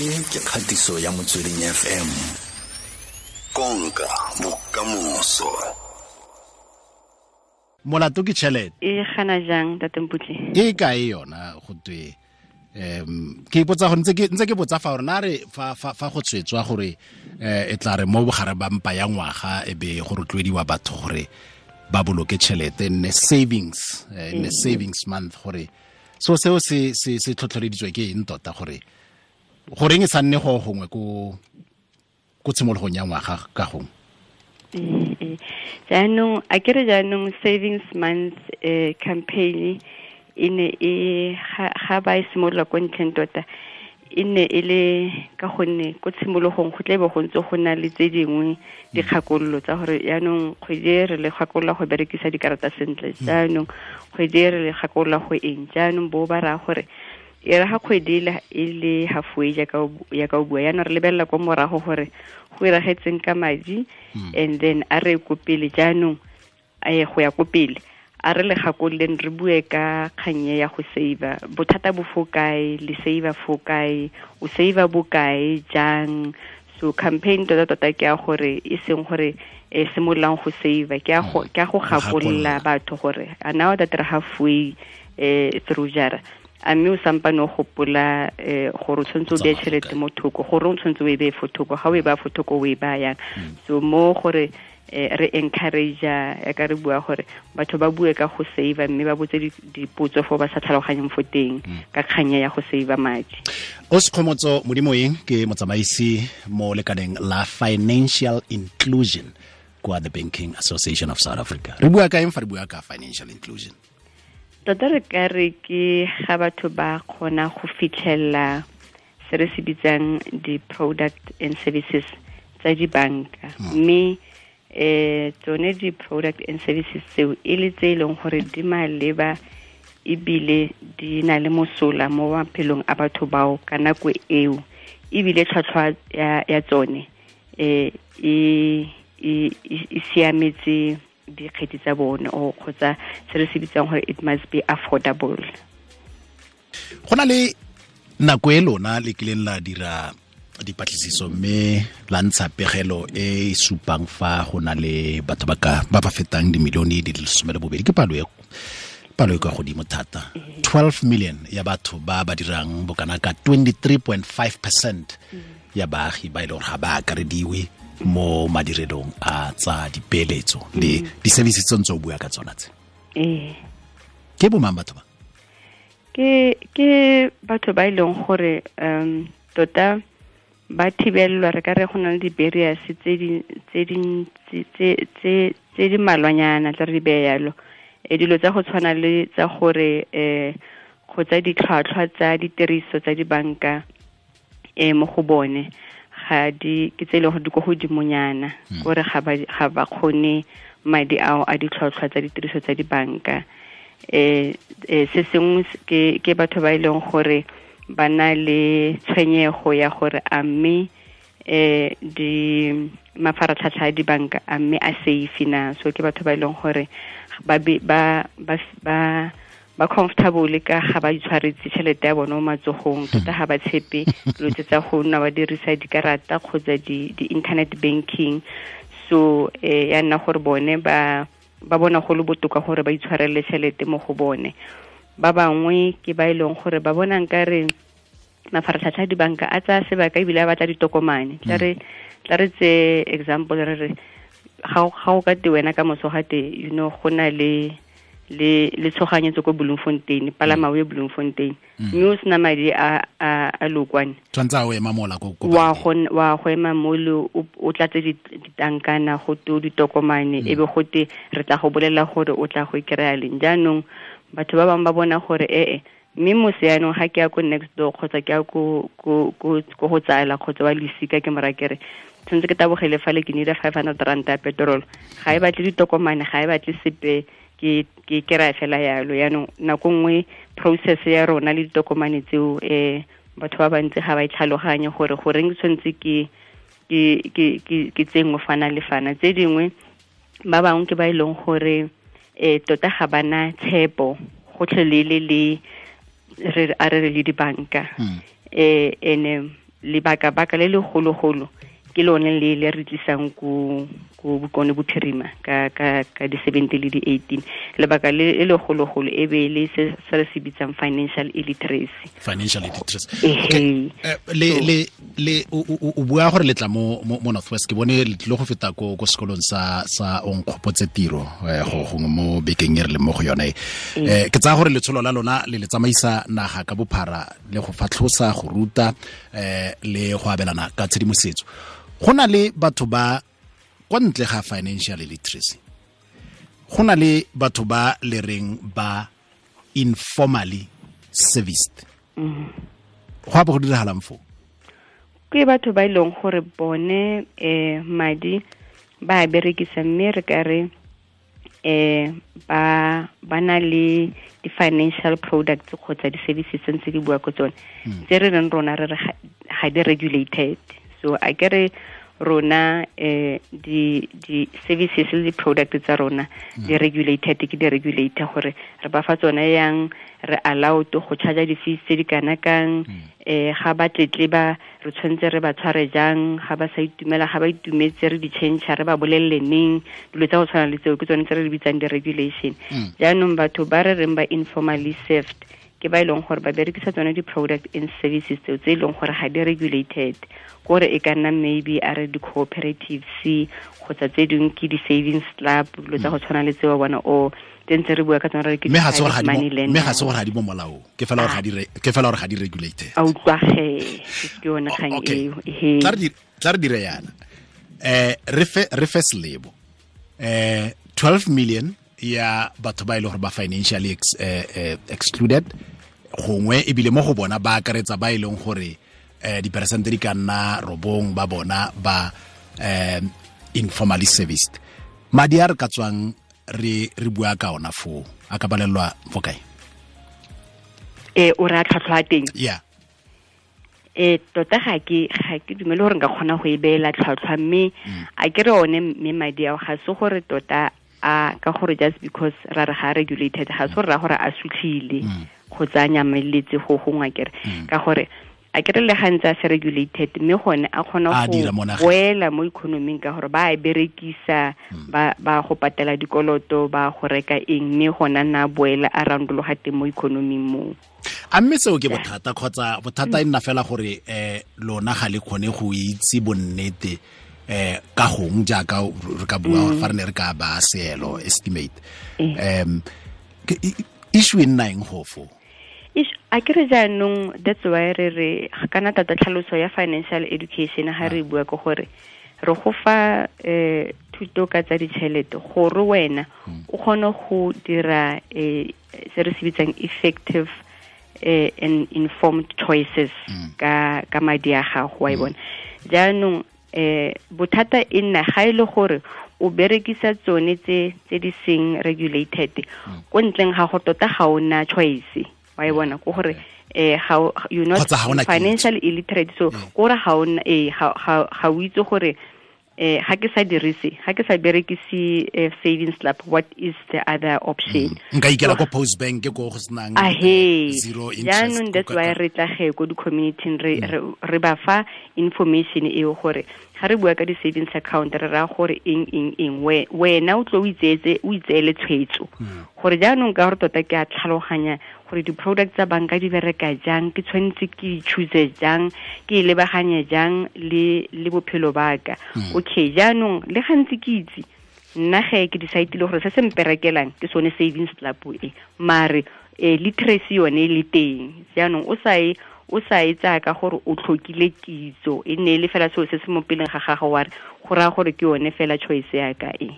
e ke kgatiso ya motsweding fm konka bokamoso molato ke tšhelete e gana jang tatemputse e kae yona go twe um ke ipotsa go ntse ke botsa fa gore na re fa go tswetswa gore eh, e tla re mo bogare ba mpa ya ngwaga e be go rotloediwa batho gore ba boloke tšhelete nne savings eh, nne mm. savings month gore so seo se tlhotlheleditswe ke eng tota gore goreng e sa nne go gongwe ko tshimologong ya ngwaga ka gongwe jaanong a kere jaanong savings month um campaign e ne e ga ba e simolola ko ntlheng tota e ne e le ka gonne ko tshimologong go tle bo go ntse go na le tse dingwe mm. dikgakololo tsa gore jaanong kgwedi e re le gakolola go berekisa dikarata sentle mm. jaanong kgwedi e re le gakolola go eng jaanong bo ba raya gore mm. e re ha kgwedi e, e le halfway ya ka o bua yaanong re lebelela ko morago gore go iragetseng ka madi hmm. and then a re ko pele jaanong um go ya ko pele a re legakololeng re bue ka kgangye ya go saver bothata bo fo kae le saver fo kae o saver bokae jang so campaign tota-tota ke ya gore e seng gore e simololang go saver ke ya go hmm. gakolola batho gore now that re halfway um through jara a mme o sampane o gopola um gore o tshwanetse o beye tšhelete mo thoko gore o tshwanetse o e beye fo ga o e baya fothoko o e baya hmm. so mo gore eh, re encourage ya ka re bua gore batho ba bue ka go save mme ba botse dipotso fo ba sa tlhaloganyeng fo teng hmm. ka kganya ya go save madi o sekgomotso modimoeng ke motsamaisi mo lekaneng la financial inclusion kwa the banking association of south africa re bua ka eng fa re bua ka financial inclusion tota re ka re ke ga batho ba kgona go fitlhelela se re se bitsang di-product and services tsa dibanka hmm. mme um tsone di-product and services tseo e le tse e leng gore di maleba ebile di na le mosola mo maphelong a batho bao ka nako eo ebile tlhwatlhwa ya tsone um e siametse dikgedi tsa bone o kgotsa se re se bitsang gore it must be affordable go na le nako e lona le kileng la dira dipatlisiso mme la ntsha pegelo e e supang fa go na le batho ba ka ba ba fetang dimilione di le lesome le bobedi ke palo e palo e kwa godimo thata 12 mm-hmm. million ya batho ba ba dirang bokana ka 23.5 percent mm-hmm. ya baagi ba e le gore ga ba akarediwe mo madirelong a tsa dipeeletso le mm. di-service tse ntse o bua ka tsona tse eh. ke bomang batho ba ke batho ba e leng gore um tota ba thibelelwa re ka re go na le di-barriers tse di malwanyana tla re di bee yalo e eh, dilo tsa go tshwana le tsa gore um go tsa ditlhwatlhwa tsa ditiriso tsa dibanka um mo go bone ga di ke tse e leng gore di ko godimonyana hmm. kore ga ba kgone madi ao a ditlhotlhwa tsa ditiriso tsa dibanka um se sengwe ke batho ba e leng gore ba na le tshwenyego ya gore a mme um di mafaratlhatlha a dibanka a mme a safe na so ke batho ba e leng gore ba ba ba ba comfortable ka ga ba itshwaretse tšhelete ya bona mo matsogong tota ga ba tshepe dilo tse tsa go nna ba dirisa dikarata kgotsa di-internet banking so eh, ya nna gore bone ba ba bona go le botoka gore ba itshwarelele tšhelete mo go bone ba bangwe ke ba e leng gore ba bona nkare mafaratlhatlha a dibanka a tsaya sebaka ebile a batla ditokomane mm. tla re tla re tse example re re ga o ka te wena ka moso gate you know go na le le le tshoganyetso ko bloemfontein palama mm. o ye bloemfontein mm. mme o sena madi a a lokwane wa go ema mole o tlatse ditankana go to ditokomane mm. e be gote re tla go bolela gore o tla go ikry-a e leng jaanong batho ba bangwe ba bona gore ee mme mose yaanong ga ke ya ko next door kgotsa ke ya ko go tsala kgotsa wa losika ke mora tshwanetse ke tabogele fa le ke need a five hundred rand ya petrol ga e batle ditokomane ga e batle sepe ke ke ra fela yalo yaanong nako nngwe process ya rona le ditokomane tseo um batho ba bantsi ga ba itlhaloganye e gore goreng tshwanetse ke ke tsenngwe fana le fana tse dingwe ba bangwe ke ba e leng gore um tota ga bana tshepo gotlhelele le a re re le dibanka um hmm. and eh, lebaka-baka le legologolo ke lone le le re tlisang ko ko bukone bophirima ka ka ka di 70 le di 18 lebaka le le gologolo e be le se se re se bitsang financial illiteracy financial illiteracy okay eh, le le le o bua gore letla mo mo northwest ke bone le tlo go feta ko ko sekolong sa sa ong khopotse tiro eh, go go mo bekeng e re le mo go yone eh, ke tsa gore letsholo la lona le le tsamaisa naga ka bophara le go fatlhosa go ruta le go abelana ka tshedimosetso go na le batho ba kwa ntle ga financial literacy go na le batho ba le reng ba informally serviced go apa go diragalang foo ke batho ba ileng e gore bone eh madi ba berekisa mme re ka re eh ba ba na le di-financial products kgotsa di-services tse ntse ke bua ko tsone hmm. tse re reng rona re re ga di regulated so a kere rona eh di di services le di product tsa rona mm. di regulated ke di regulator gore re ba fa tsone yang re allowed go charge di fees tse di kana kang um mm. e, ga ba tetle ba re tshwanetse re ba tshware jang ga ba sa itumela ga ba itumetse re di change re ba bolelle dilo tsa go tshwana le tseo ke tsone tse re di bitsang di regulation mm. jaanong batho ba re reng ba informally served ke ba e leng gore ba berekisa tsone di-product and services tseo tse e leng gore ga di regulated kore e ka nna maybe a re di-cooperatives kgotsa tse dingwe ke di-savings club dilo tsa go mm. tshwana le tse tseo bona o tsentse re bua ka tsone re ke mme ga se gore ga di mo molaong ke fela gore ah. ga di regulated a utlwage ke yone kgang eo tla re dire yana um re fe selebo um 12 million ya batho ba e le gore ba financially ex, eh, eh, excluded gongwe ebile mo go bona ba akaretsa ba e leng gore eh, diperesente di ka nna robong ba bona ba eh, informally serviced madi a re ka tswang re re bua ka ona foo a ka balelwa fo kae e o a tlhatlhwa e eh, tota ga ke ga ke dumele gore nka kgona go e beela tlhwatlhwa mme mm. a ke re one mme madi ao ga se gore tota a ka gore just because ra re ga regulated ga se gore ra gore a sutlhile mm. go tsa nyameletse go gongwa kere mm. ka gore a kere le gantse a se regulated mme gone a kgona go boela mo economing ka gore ba a e berekisa mm. ba go patela dikoloto ba go reka eng mme gona na boela a randologa teng mo economing moo a mme seo ke bothata kgotsa bothata e nna fela gore um lona ga le kgone go itse bonnete eh ka gong jaaka re ka bua gore fa re ne re ka ba seelo estimate um issue e nna eng gofo a kere jaanong that's why re re kana tata tlhaloso ya financial education ga re ah. bua ke gore re go fa um thuto ka tsa ditšhelete gore wena hmm. o kgone go dira eh, se re se bitsang effective uh, and informed choices hmm. ka ka madi a gago wa e hmm. bona jaanong eh bothata e nna ga e le gore o berekisa tsone tse tse di seng regulated mm. ko ntleng ga go tota ga ona choice wa e mm. bona ko gore eh you not financially illiterate so gore mm. ga eh, o itse gore eh ha ke sa dirise ha ke sa berekise eh, savings lap what is the other option mm. nka ikela ko post bank ko go senang ahe eh, jaanong that's why re tlage ko di-communityn mm. re ba fa information e gore ga re bua ka di-savings account re raya gore eng eng eng wena o tlo o itseele tshwetso hmm. gore jaanong ka gore tota ke a tlhaloganya gore di-product tsa banka di bereka jang ke tshwanetse ke choose jang ke e lebaganye jang le le bophelo baka hmm. okay jaanong le gantsi ke itse nna ge ke decide le gore se se mperekelang ke sone savings club e mare um literacy yone e le teng jaanong o sae o sa e tsaya ka gore o tlhokile kitso e ne e le fela seo se se mo peleng ga gago wa re go raya gore ke yone fela choice ya ka e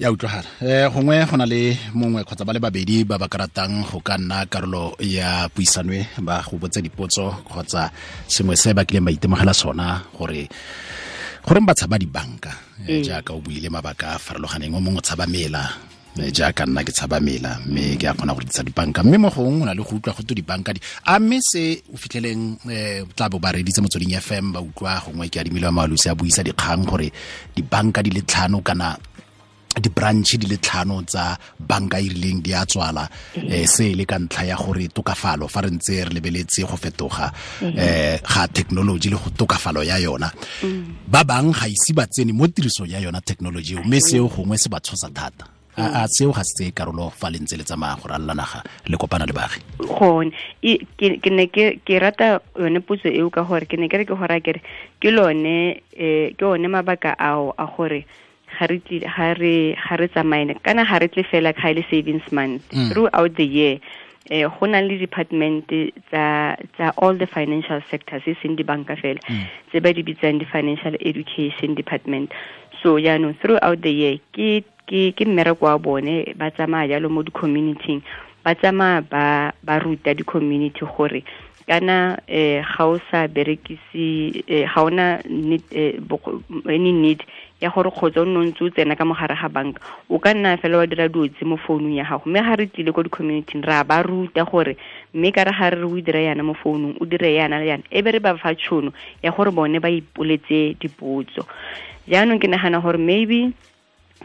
ya utlwagala um gongwe go na le mongwe kgotsa ba le babedi ba ba karatang go ka nna karolo ya puisanwe ba go botsa dipotso kgotsa sengwe se ba kileng ba itemogela sona gore goreng ba tshaba dibanka eh, mm. jaaka o buile mabaka a farologaneng o mongwe o tshaba mela Eh, jaaka nna ke tshaba mela mme ke a kgona go ditsa dibanka mme mo gong o na le go utlwa go to dibanka di a mme se o fitlheleng um tla bo ba reditse motsweding fm ba utlwa gongwe ke adimile wa maalosi a buisa dikgang gore dibanka di le tlhano kana di-branch di le tlhano tsa banka e rileng di a tswala um se e le ka ntlha ya gore tokafalo fa re ntse re lebeletse go fetoga um ga technology le go tokafalo ya yona mm. ba bang ga ise ba tsene mo tirisong ya yona technology mme seo gongwe se ba tshosa thata a seo ga se tse karolo fa le ntse le tsamaya gore a naga le kopana le baagi gone ke ne ke rata yone potso eo ka gore ke ne ke re ke gore kere ke lone e, ke one mabaka ao a gore ga re ga kana ga re tle fela ka e le savings month mm. throughout the year eh go na le department tsa tsa all the financial sectors e seng dibanka fela mm. tse ba di bitsang di-financial education department so yaanong throughout the year ke ke ke mmereko wa bone ba tsamaya jalo mo di-community-ng ba tsamaya ba ba ruta di-community gore kana eh ga o sa berekise eh, ga ona need, eh, boko, any need ya gore kgotsa o nne ntse o tsena ka mogare ga banka o ka nna fela wa dira diotse mo founung ya gago mme ga re tlile ko di-community ra ba ruta gore mme ka re ga re re o dira yana mo founung o dire yana le yana e be re ba fa tšhono ya gore bone ba ipoletse dipotso jaanong ke nagana gore maybe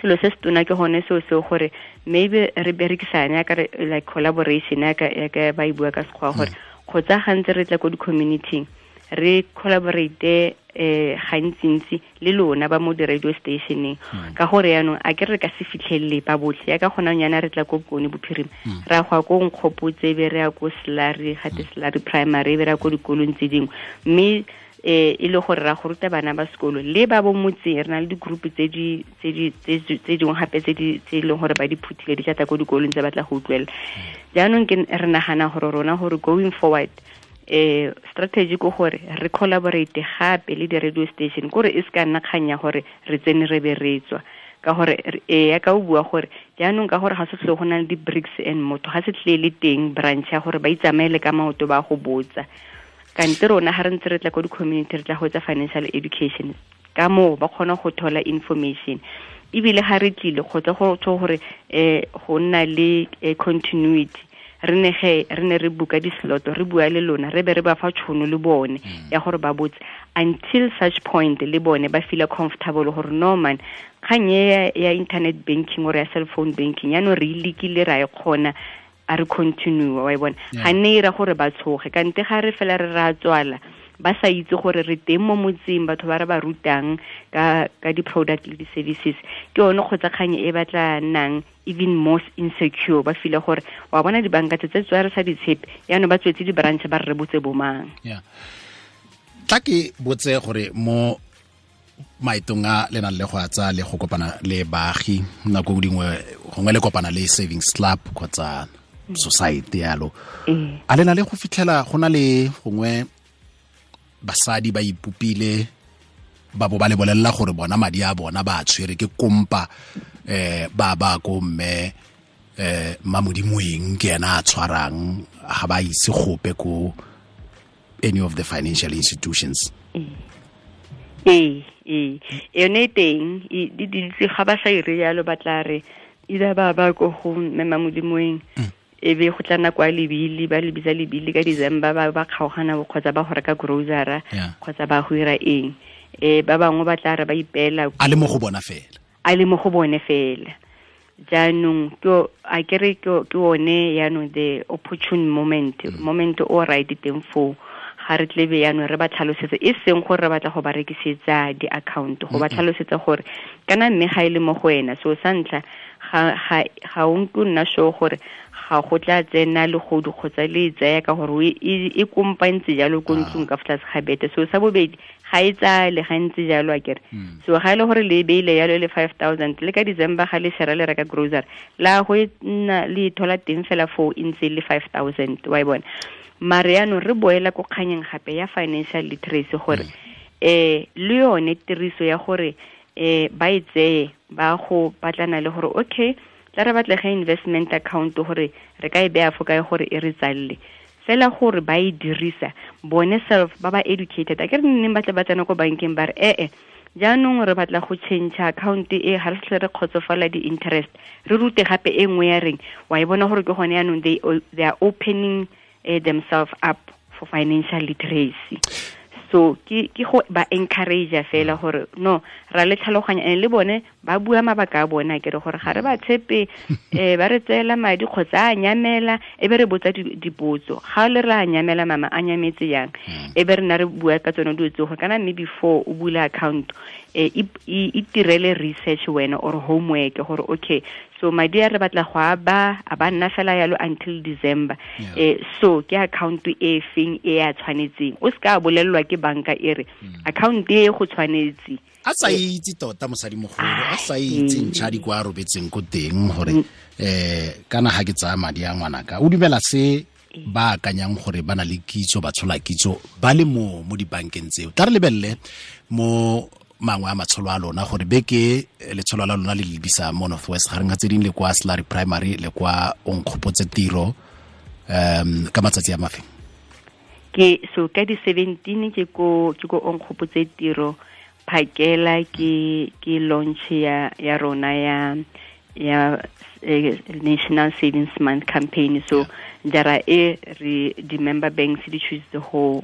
selo se se tona ke gone seo seo gore maybe re berekisane yaka like collaboration yaka yaka ba e bua ka sekgwa gore kgotsa mm. gantse re tla ko di-community-ng re collaborate eh gantsintsi le lona ba mo di-radio stationeng mm. ka gore yaanong a ke re ka se fitlhelele ba botlhe yaka gona nyana re tla ko bokone bophirima mm. re a go ya ko nkgopotse be re ya ko selari gate selari primary be re ya ko dikolong tse dingwe mme Eh, e le gore ra go ruta bana ba sekolo le ba bo motseng re na le di-group tse dingwe gape tse e leng gore ba di phuthile di tata ko dikolong tse batla go utlwelela jaanong ke re nagana gore rona gore going forward eh strategy go gore re collaborate gape le di-radio station kore e se ka nna kgang ya gore re tsene re be retswa ka gore e ya ka o bua gore jaanong ka gore ga se tlile go na le di-bricks and motho ga se tlile le teng branch ya gore ba itsamaele ka maoto ba go botsa kante rona ga re ntse re tla ko di-community re tla go tsa financial education ka moo ba kgona go thola information ebile ga re tlile kgotsa go tsho gore um go eh, nna le eh, continuity re ne ge re ne re buka disloto re bua le lona re be re ba fa tšhono le bone mm. ya gore ba botse until such point le bone ba feela comfortable gore norman man kgang ya internet banking or ya cell phone banking yaanong re ilekile e ra e kgona a re continue wa e bona ga nne ira e gore ba tshoge ka nte ga re fela re ra tswala ba sa itse gore re teng mo motseng batho ba re ba rutang ka ka di-product le di-services ke yone kgotsa kgotsakganye e batla nnang even most insecure ba fila gore wa bona dibanka tse tse tswa re sa ditshepe yaanong ba tswetse di-branch ba re rebotse bomang tla ke botse gore mo maetong a le nang le go a tsa le go kopana le baagi nako dingwe gongwe le kopana le savings club kgotsa society yalo mm. a lena le go fitlhela go na le gongwe basadi ba ipopile ba bo ba lebolelela gore bona madi a bona ba tshwere ke kompa eh ba ba ko mme eh mamodimoeng ke ena a tshwarang ga ba ise gope ko any of the financial institutions mm. ee ee yone e teng e, di dintsi ga ba sa ire yalo ba tla re ida ba ba ko go mme mamodimoeng mm e be go tla nna kwa lebili ba lebisa lebili ka december ba ba kgaogana kgotsa ba go reka grocery kgotsa ba go ira eng um ba bangwe ba tla re ba ipela a le mo go bona fela a le mo go bone fela jaanong a kere ke one yaanong the opportune moment mm. moment o right teng foo ga re tlebe yaanong re ba tlhalosetsa e seng gore re batla go ba rekisetsa di-account go ba tlhalosetsa gore kana mme ga e le mo go wena so sa ntlha ga o nke o nna sure gore ga go tla tsena legodu kgotsa le e tsaya ka gore e, e, e kompantse jalo ko ah. ntlong ka fotlase ga bete so sa bobedi ga e tsaya le gantsi jalo a kere hmm. so ga e le gore le e beile jalo le five thousand le ka december ga le shera le reka grocery la go e nna le thola teng fela for e ntse le five thousand wa e bona mare yaanong re boela ko kganyeng gape ya financial literacy gore um le yone tiriso ya gore um ba e tseye ba go batlana le gore okay tla re batlege investment account gore re ka e beya fo kae gore e re tsalele fela gore ba e dirisa bone self ba ba educated a ke re nneng batle ba tsena ko bankeng ba re ee jaanong re batla go change account e ga re tlhe re kgotsofala di-interest re rute gape e nngwe ya reng wa e bona gore ke gone yaanong they, they are opening uh, themselves up for financial literacy so ke ke go ba encourage fela mm. gore no ra le tlhaloganya le bone ba bua mabaka a bona ke re gore ga re ba tshepe eh ba re tseela madi kgotsa a nyamela e be re botsa dipotso ga le re a nyamela mama a nyametse yang mm. e be re na re bua ka tsone dilo tseo gore kana mme before o bula account e itirele research wena or homework gore okay so madi a re batla go a ba a ba nna fela yalo until december yeah. eh, so ke account e feng e a tshwanetseng o se ka bolelelwa ke banka e re mm. account e go tshwanetse a sa itse tota mosadi a sa ah, itse ee. ntšha di kwa robetseng ko teng gore hmm. eh kana ha ke tsaya madi a ngwana ka o dumela se ee. ba akanyang gore ba na le kitso ba tshola kitso ba le mo mo dibankeng tseo tla re lebelele mo mangwe a matsholo a lona gore beke eh, letsholo la lona le le lebisa mo north west ga tse dingwe le kwa slary primary le kwa onkgopotse tiro um ka matsatsi a mafeng ke so ka di 17 ke ko ke ko onkgopotse tiro phakela ke ke launch ya ya rona ya ya National Savings Month campaign. So there are a re member banks di choose the whole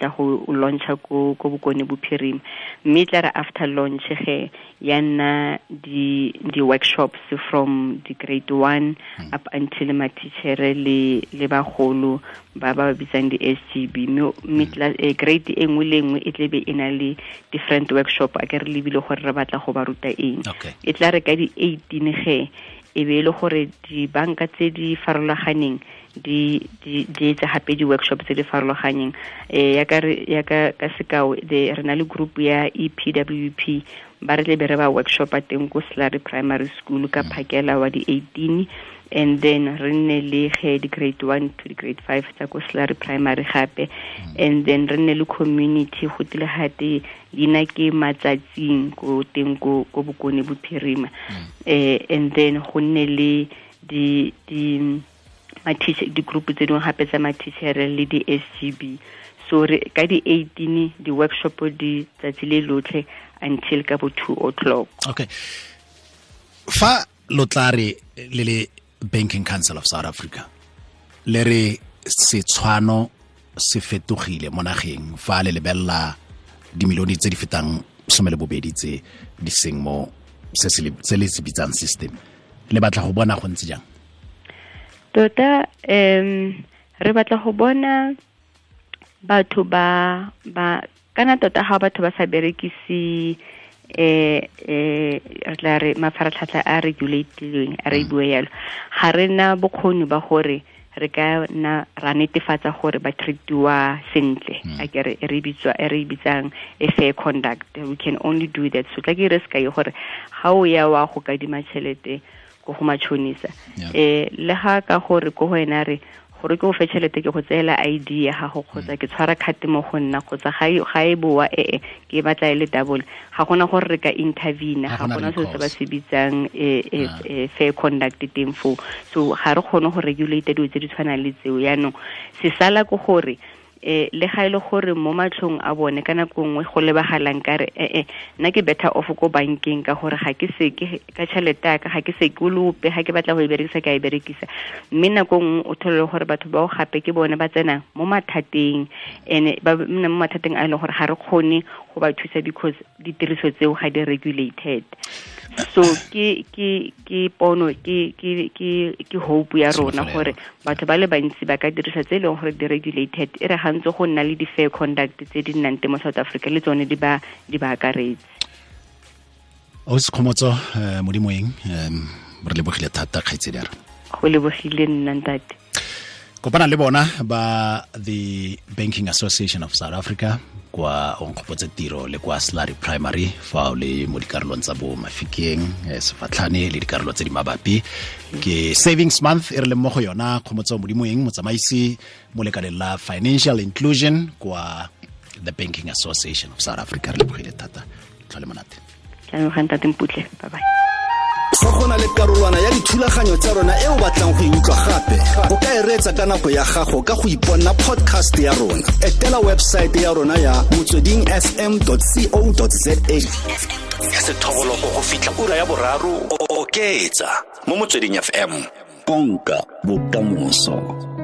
the whole launch go go bokone ne Mme tla after launch he yana di di workshops from the grade 1 mm. up until my teacher le le bagolo ba ba bitsang di SGB mme hmm. grade e nngwe le be ina le different workshop a ke re lebile gore re batla go ba ruta eng. re ka di 18 he. e be e le gore dibanka tse di farologaneng di di etsa gape di-workshop tse di farologaneng um eh, yaka ka sekao re na le group ya e p ba re le re ba workshop a teng ko slary primary school ka mm. phakela wa di-eighteen and then re nne le ge di-grade one to di-grade five tsa ko slary primary gape mm. and then re nne le community go tile gate leina ke matsatsing ko teng ko bokone bophirima um mm. eh, and then go nne le di di group tse dingwe gape tsa mathichere le di-s g b so ka di-eighteen di-workshop di tsatsi le lotlhe until ka bo two o'clock okay fa lo tla re le le banking council of south africa le re setshwano se fetogile mo nageng fa le lebella dimilione tse di fetang some le bobedi tse di seng mo se le se bitsang system le batla go bona go ntse jang tota um re batla go bona batho ba ba kana tota ga batho ba sa berekise eh, eh re tla re mafaratlhatlha a regulatilweng a re bue yalo ga re na bokgoni ba gore re ka na ra netefatsa gore ba treatiwa sentle a hmm. kere re re bitswa re bitsang a fair conduct we can only do that so tla ke re ska gore ga o ya wa go kadima tšhelete ko go matšhonisa um eh, le ga ka gore ko go ena re gore ke o fetšhelete ke go tseela id ya gago kgotsa ke tshwara kgate mo go nna kgotsa e, ga e boa ee ke batla e le double ga gona gore re ka intervene ga gona se se ba se bitsang e, e, fair conduct teng foo so ga re kgone go regulate dilo tse di tshwanang le tseo yaanong se sala ke gore eh le ga ile e gore mo matlhong a bone kana kongwe go lebagalang ka re eh eh nna ke better off ko bankeng ka gore ga ke seke ka tšhelete ya ka ga ke seke lope ga ke batla go e berekisa ke a e berekisa mme nako nngwe o tholole gore batho bao gape ke bone ba tsenang mo mathateng and ba nna mo mathateng a e leng gore ga re kgone go ba thusa because ditiriso tseo ga di regulated so ke ke ke pono ke ke ke ke hope ya rona gore batho ba le bantsi ba ka dirisa tse e leng gore di regulated e re ga go nna le di-fair conduct tse di nnang te mo south africa le tsone di ba di ba akaretse o se khomotso eh, modimoeng um re lebogile thata kgaitsedi re go lebogile nna ntate kopana le bona ba the banking association of south africa kwa onkgopotse tiro le kwa slary primary fa o le mo dikarolong tsa bo mafikeng eh, sefatlhane le dikarolo tse di mabapi ke savings month e re leng mo go yona kgomotsa modimo eng motsamaisi mo lekaleng la financial inclusion kwa the banking association of south africa re lebogile thata tlhole monate bye bye fa go na le karolwana ya dithulaganyo tsa rona e o batlang go e utlwa gape o ka e reetsa ka nako ya gago ka go iponna podcast ya rona etela websaete ya rona ya motsweding fm co za ka go fitlha ura ya boraro o oketsa mo motsweding fm konka bokamoso